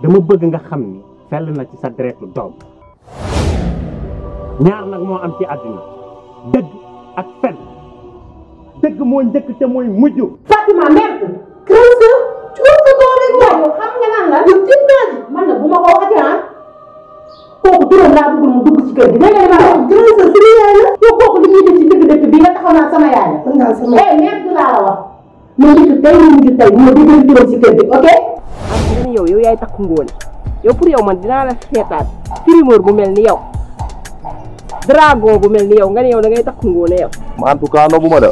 dama bëgg nga xam ni fell na ci sa deretu doom ñaar nag moo am ci àddina dëgg ak fen dëgg mooy njëkk te mooy mujj Fatima merde Krause cuur sa doom rek moom xam nga naan la ñu tiit naa ji man na bu ma ko waxatee ah. kooku juróom laa bëggul mu ci kër gi da ngay naan Krause suñu yaay kooku li ñuy ci dëgg dëkk bi nga taxaw naa sama yaay la eh, merde laa la wax mu mujj tey mu mujj tey mu dugg juróom ci kër gi ok parce que yow yow yaay takku ngóone yow pour man dinaa la seetaat primeur bu mel ni yow dragon bu mel ni yow nga ne yow da ngay takku ngóone yow. en tout cas nobu ma la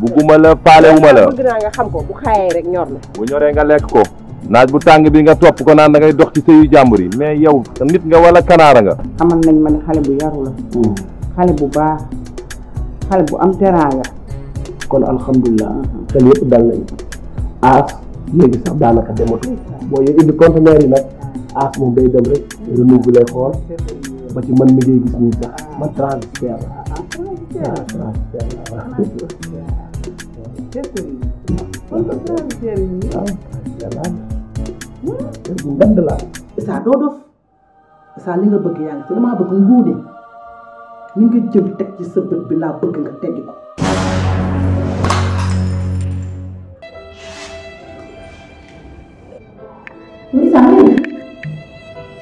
bugguma la faalewuma la bëgg naa nga xam ko bu xaayee rek ñor na. bu ñoree nga lekk ko. naaj bu tàng bi nga topp ko naan da ngay dox ci sëyu jàmbur yi mais yow nit nga wala kanaara nga. xamal nañ ma ne bu yaru la. bu am teraanga. kon alhamdulilah. xel léegi sax daanaka dematul boo yooyu indi conteneur yi nag aas moom day dem rek renouvelé lay xool ba ci man mi ngay gis nii sax man transfert la ah, waaw transfert la waaw ngand laa saa doo dof saa li nga bëgg yaa ngi ci damaa bëgg nguune li nga jël teg ci sa bët bi laa bëgg nga teggi ko Me sa mí.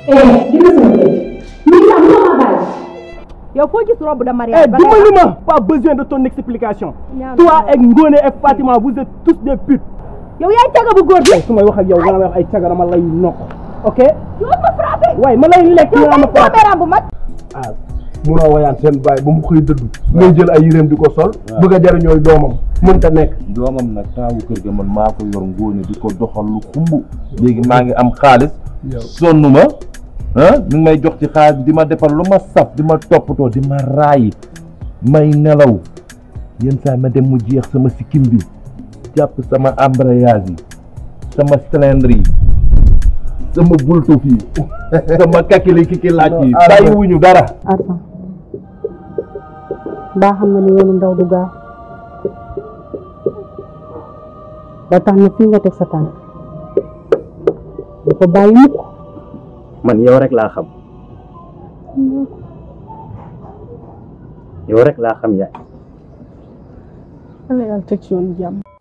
Eh, ma yow foo gis robe de mariage. ba dimbali ma pas besoin de ton explication. toi ak eh, Ngone et eh, Fatima vous êtes tous des putes. yow yaay caga bu góor bi. su may wax ak yow wala may ay caga dama lay nokk ok. yow ma frappé. waaye ma lekk yow ma frappé bu mag. ah munoo wayaan seen baay bu mu xëy dëdd. ngay jël ay yéreem di ko sol. bëgg a jariñooy doomam. mënta nekk doomam nag taawu kër ga man ko yor ngóone di ko doxal lu kumbu léegi maa am xaalis sonuma, ah may jox ci xaalis di ma defal lu ma saf di ma toppatoo di ma may nelaw yenn sa ma dem mu jeex sama sikkim bi jàpp sama embrayage yi sama cylindre sama bultu fii sama kakili kiki laaj yi bàyyiwuñu dara baa xam na ni yoonu ndaw du ba na fii nga teg sa tànk man yow rek laa xam yow rek laa xam yaay. yàlla jàmm.